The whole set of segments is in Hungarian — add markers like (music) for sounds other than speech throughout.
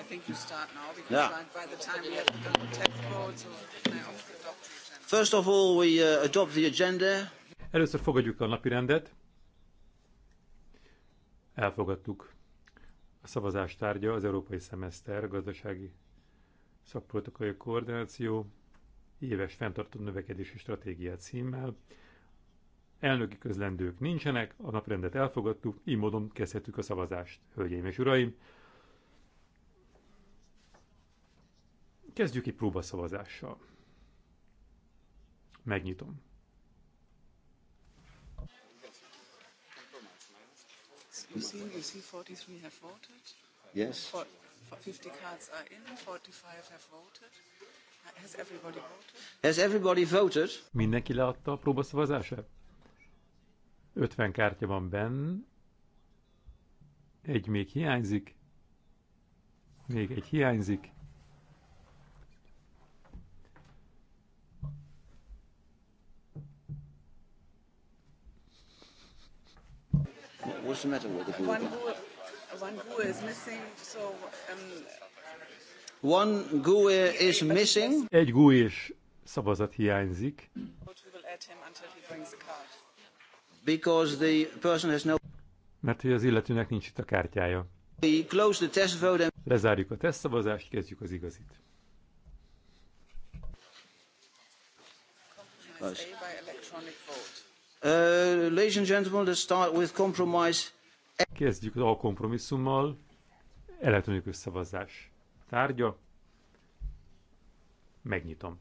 I think you start now because yeah. by the time we have done the text votes, adopt the agenda. First of all, we uh, adopt the agenda. Először fogadjuk a napi rendet. Elfogadtuk. A szavazás tárgya az Európai Szemeszter, gazdasági szakpolitikai koordináció, éves fenntartó növekedési stratégia címmel. Elnöki közlendők nincsenek, a naprendet elfogadtuk, így módon kezdhetjük a szavazást. Hölgyeim és uraim, Kezdjük egy próbaszavazással. Megnyitom. You see, you see 43 have voted. Yes. For, for 50 cards are in, 45 have voted. Has everybody voted? Has everybody voted? Mindenki leadta a próbaszavazását? 50 kártya van benn. Egy még hiányzik. Még egy hiányzik. What's the matter with the blue one? Gu one is missing, so... Um, One GUE is missing. Egy gue is szavazat hiányzik. Because the person has no... Mert hogy az illetőnek nincs itt a kártyája. We close the test vote and... Lezárjuk a szavazást, kezdjük az igazit. Uh, ladies and gentlemen, let's start with compromise. Kezdjük a kompromisszummal. Elektronikus szavazás. Tárgya. Megnyitom.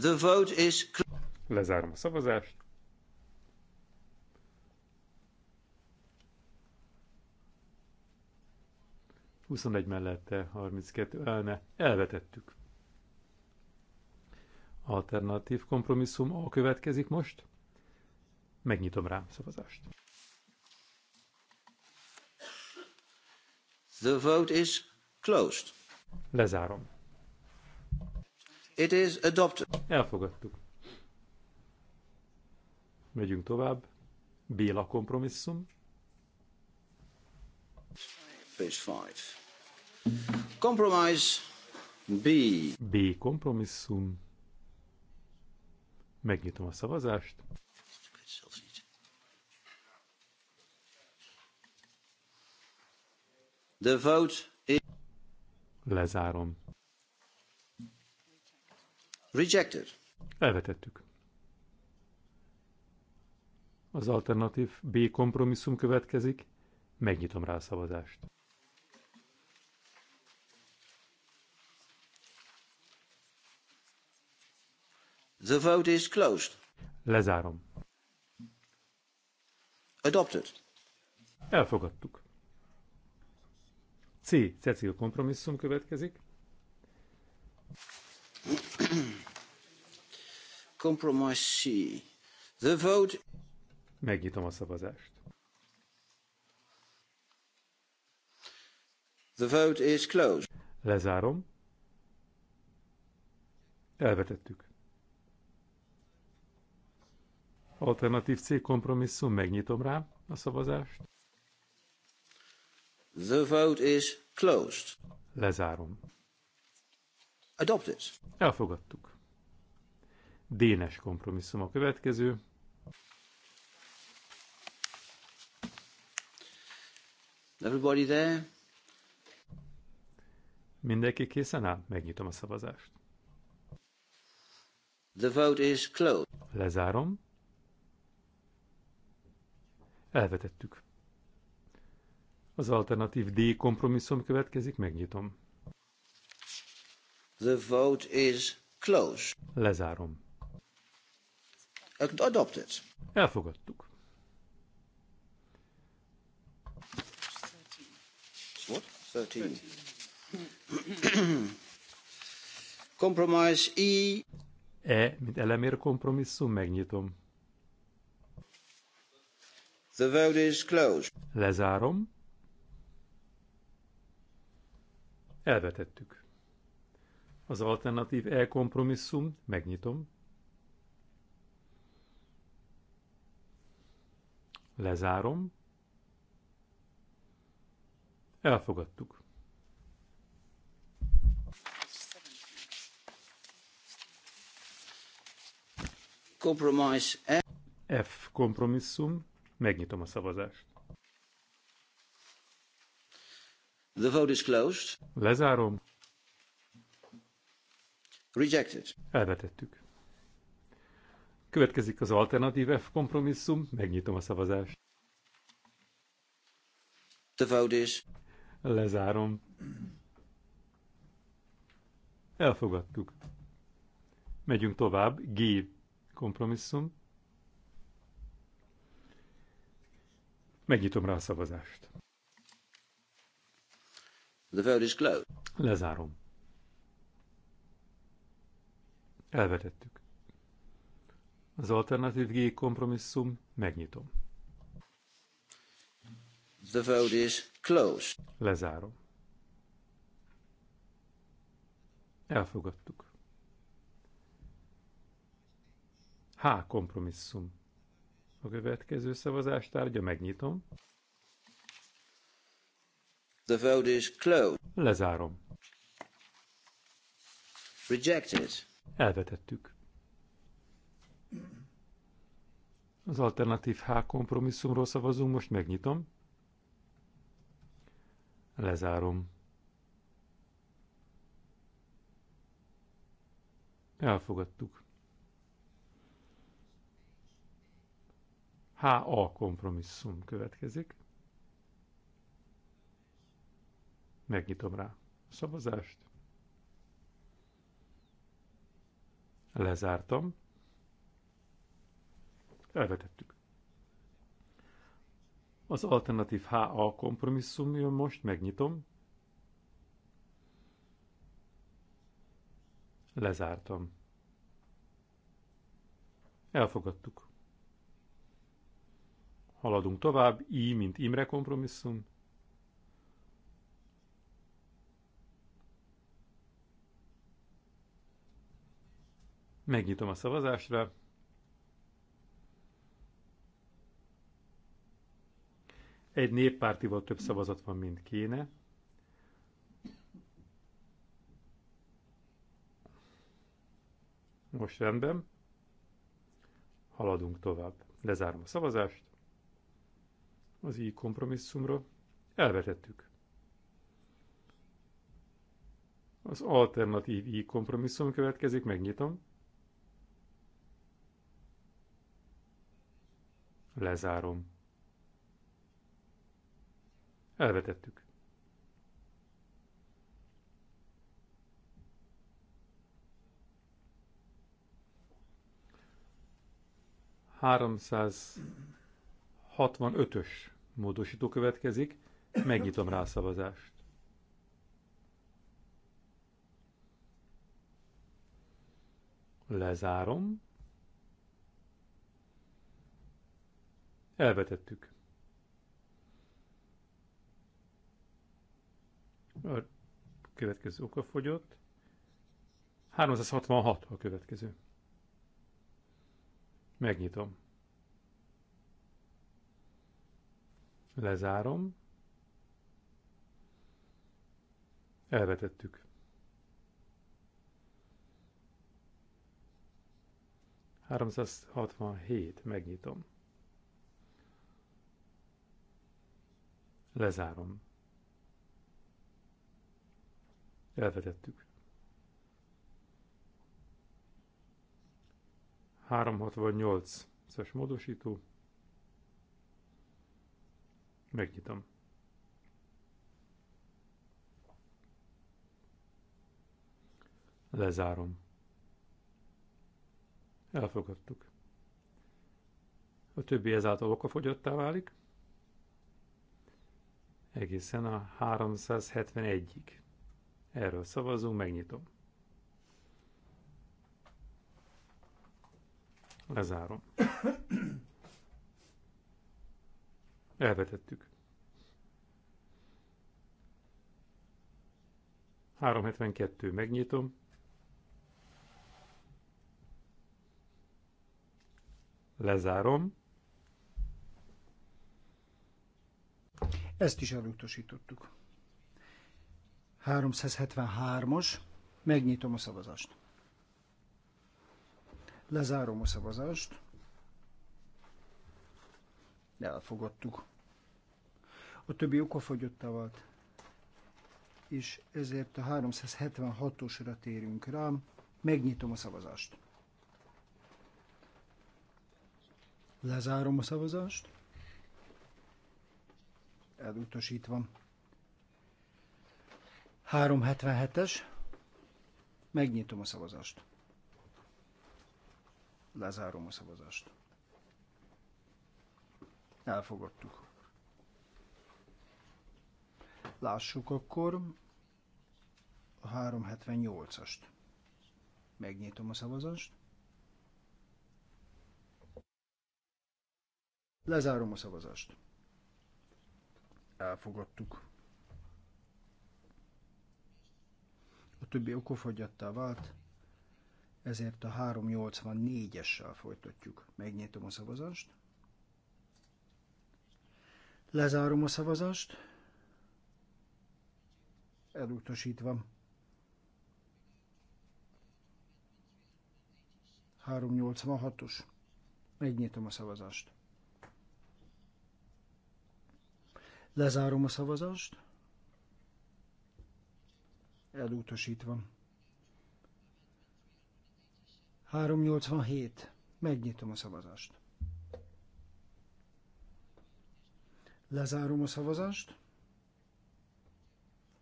The vote is... Lezárom a szavazást. Huszonegy mellette, 32 elne. Elvetettük. Alternatív kompromisszum A következik most. Megnyitom rám szavazást. The vote is closed. Lezárom. It is adopted. Elfogadtuk. Megyünk tovább. Béla kompromisszum. Page 5. Compromise B. B kompromisszum. Megnyitom a szavazást. The vote is... Lezárom. Rejected. Elvetettük. Az alternatív B kompromisszum következik. Megnyitom rá a szavazást. The vote is closed. Lezárom. Adopted. Elfogadtuk. C. Cecil kompromisszum következik. Compromise (clears throat) C. The vote... Megnyitom a szavazást. The vote is closed. Lezárom. Elvetettük. Alternatív C kompromisszum, megnyitom rá a szavazást. The vote is closed. Lezárom. Adopted. Elfogadtuk. Dénes kompromisszum a következő. Everybody there? Mindenki készen áll? Megnyitom a szavazást. The vote is closed. Lezárom. Elvetettük. Az alternatív D kompromisszum következik, megnyitom. The vote is closed. Lezárom. Adopted. Elfogadtuk. What? 13. Compromise E. E, mint elemér kompromisszum, megnyitom. The vote is closed. Lezárom. Elvetettük. Az alternatív e-kompromisszum, megnyitom. Lezárom. Elfogadtuk. Compromise F kompromisszum, Megnyitom a szavazást. The vote is closed. Lezárom. Rejected. Elvetettük. Következik az alternatív F kompromisszum, megnyitom a szavazást. The vote is. Lezárom. Elfogadtuk. Megyünk tovább. G kompromisszum. Megnyitom rá a szavazást. The vote is closed. Lezárom. Elvetettük. Az alternatív G kompromisszum megnyitom. The vote is closed. Lezárom. Elfogadtuk. H kompromisszum a következő szavazás tárgya megnyitom. The vote is closed. Lezárom. Rejected. Elvetettük. Az alternatív H kompromisszumról szavazunk, most megnyitom. Lezárom. Elfogadtuk. HA kompromisszum következik. Megnyitom rá a szavazást. Lezártam. Elvetettük. Az alternatív HA kompromisszum jön most, megnyitom. Lezártam. Elfogadtuk. Haladunk tovább. I, mint Imre kompromisszum. Megnyitom a szavazásra. Egy néppártival több szavazat van, mint kéne. Most rendben. Haladunk tovább. Lezárom a szavazást az így kompromisszumra, elvetettük. Az alternatív így kompromisszum következik, megnyitom. Lezárom. Elvetettük. Háromszáz ös módosító következik, megnyitom rá a szavazást. Lezárom. Elvetettük. A következő oka fogyott. 366 a következő. Megnyitom. Lezárom. Elvetettük. hét, megnyitom. Lezárom. Elvetettük. 368 szes módosító. Megnyitom. Lezárom. Elfogadtuk. A többi ezáltal okafogyottá válik. Egészen a 371-ig. Erről szavazunk, megnyitom. Lezárom. Elvetettük. 372 megnyitom. Lezárom. Ezt is elutasítottuk. 373-as. Megnyitom a szavazást. Lezárom a szavazást elfogadtuk. A többi okafogyottá vált, és ezért a 376-osra térünk rá. Megnyitom a szavazást. Lezárom a szavazást. Elutasítva. 377-es. Megnyitom a szavazást. Lezárom a szavazást. Elfogadtuk. Lássuk akkor a 378-ast. Megnyitom a szavazást. Lezárom a szavazást. Elfogadtuk. A többi okofogyattá vált, ezért a 384-essel folytatjuk. Megnyitom a szavazást. Lezárom a szavazást. Elutasítva. 386-os. Megnyitom a szavazást. Lezárom a szavazást. Elutasítva. 387. Megnyitom a szavazást. Lezárom a szavazást.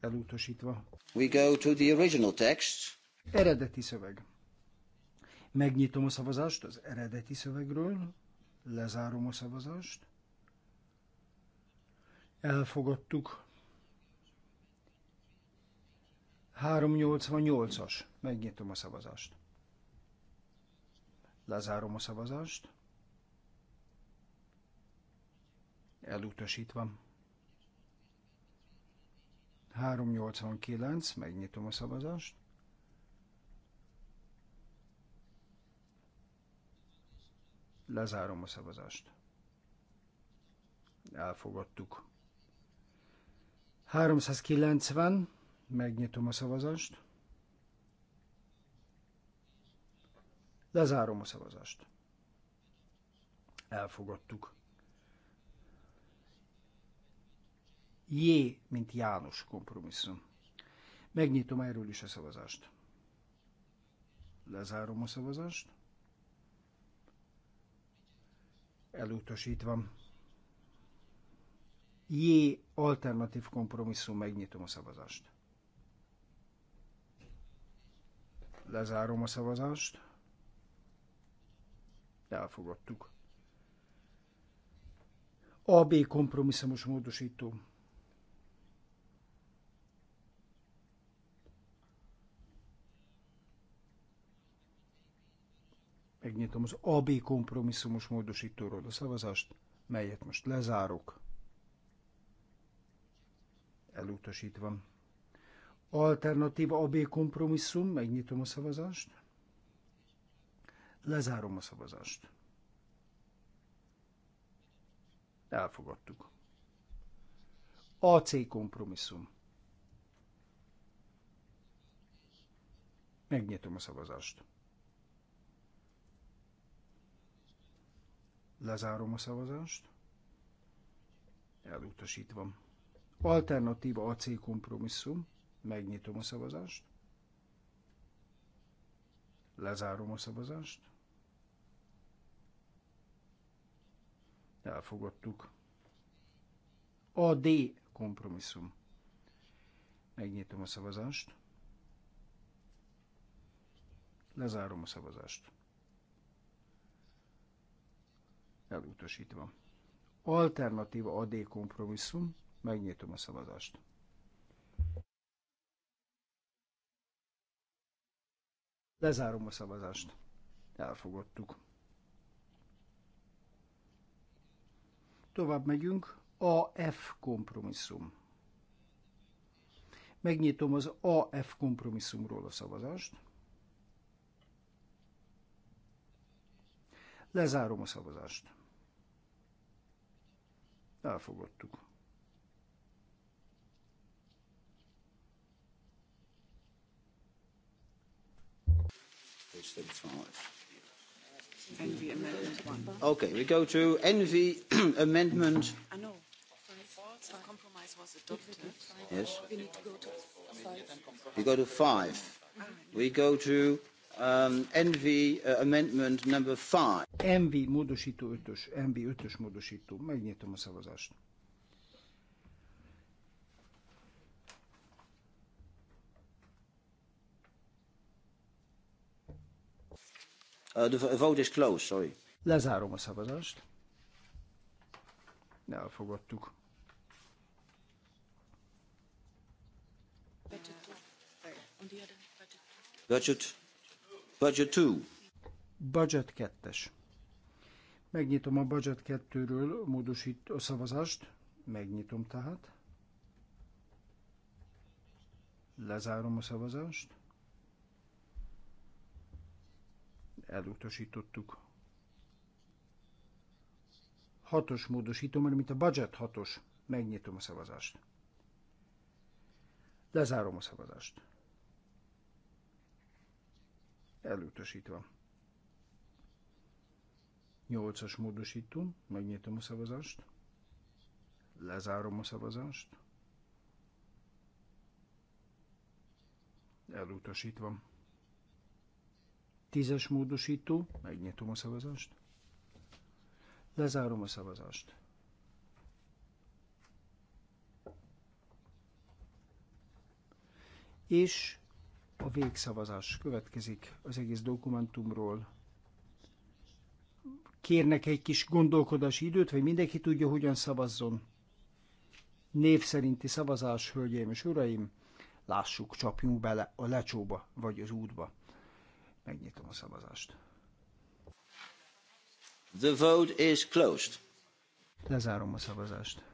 Elutasítva. We go to the original text. Eredeti szöveg. Megnyitom a szavazást az eredeti szövegről. Lezárom a szavazást. Elfogadtuk. 388-as. Megnyitom a szavazást. Lezárom a szavazást. elutasítva. 389, megnyitom a szavazást. Lezárom a szavazást. Elfogadtuk. 390, megnyitom a szavazást. Lezárom a szavazást. Elfogadtuk. J, mint János kompromisszum. Megnyitom erről is a szavazást. Lezárom a szavazást. Elutasítva. J, alternatív kompromisszum, megnyitom a szavazást. Lezárom a szavazást. Elfogadtuk. AB kompromisszumos módosító Megnyitom az AB kompromisszumos módosítóról a szavazást, melyet most lezárok. Elutasítva. Alternatíva AB kompromisszum, megnyitom a szavazást. Lezárom a szavazást. Elfogadtuk. AC kompromisszum. Megnyitom a szavazást. Lezárom a szavazást. Elutasítva. Alternatíva AC kompromisszum. Megnyitom a szavazást. Lezárom a szavazást. Elfogadtuk. AD kompromisszum. Megnyitom a szavazást. Lezárom a szavazást. elutasítva. Alternatív AD kompromisszum, megnyitom a szavazást. Lezárom a szavazást. Elfogadtuk. Tovább megyünk. AF kompromisszum. Megnyitom az AF kompromisszumról a szavazást. Lezárom a szavazást. Elfogadtuk. amendment one. Okay, we go to envy (clears throat) amendment. I know. was Yes. We need to go to five. We go to five. We go to Um, NV uh, amendment number NV módosító 5-ös, NV 5-ös módosító. Megnyitom a szavazást. Uh, the vote is closed, sorry. Lezárom a szavazást. Elfogadtuk. Budget Budget 2. Budget 2 Megnyitom a Budget 2-ről módosít a szavazást. Megnyitom tehát. Lezárom a szavazást. Elutasítottuk. Hatos módosítom, mint a budget hatos. Megnyitom a szavazást. Lezárom a szavazást. Elutasítva. 8-as módosító, megnyitom a szavazást, lezárom a szavazást, elutasítva. 10-es módosító, megnyitom a szavazást, lezárom a szavazást. És a végszavazás következik az egész dokumentumról. Kérnek egy kis gondolkodási időt, hogy mindenki tudja, hogyan szavazzon. Név szerinti szavazás, hölgyeim és uraim, lássuk, csapjunk bele a lecsóba vagy az útba. Megnyitom a szavazást. The vote is closed. Lezárom a szavazást.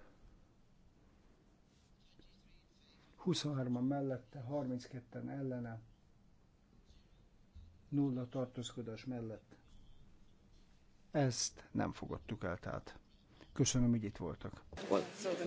23-an mellette, 32-en ellene, nulla tartózkodás mellett. Ezt nem fogadtuk el, tehát köszönöm, hogy itt voltak.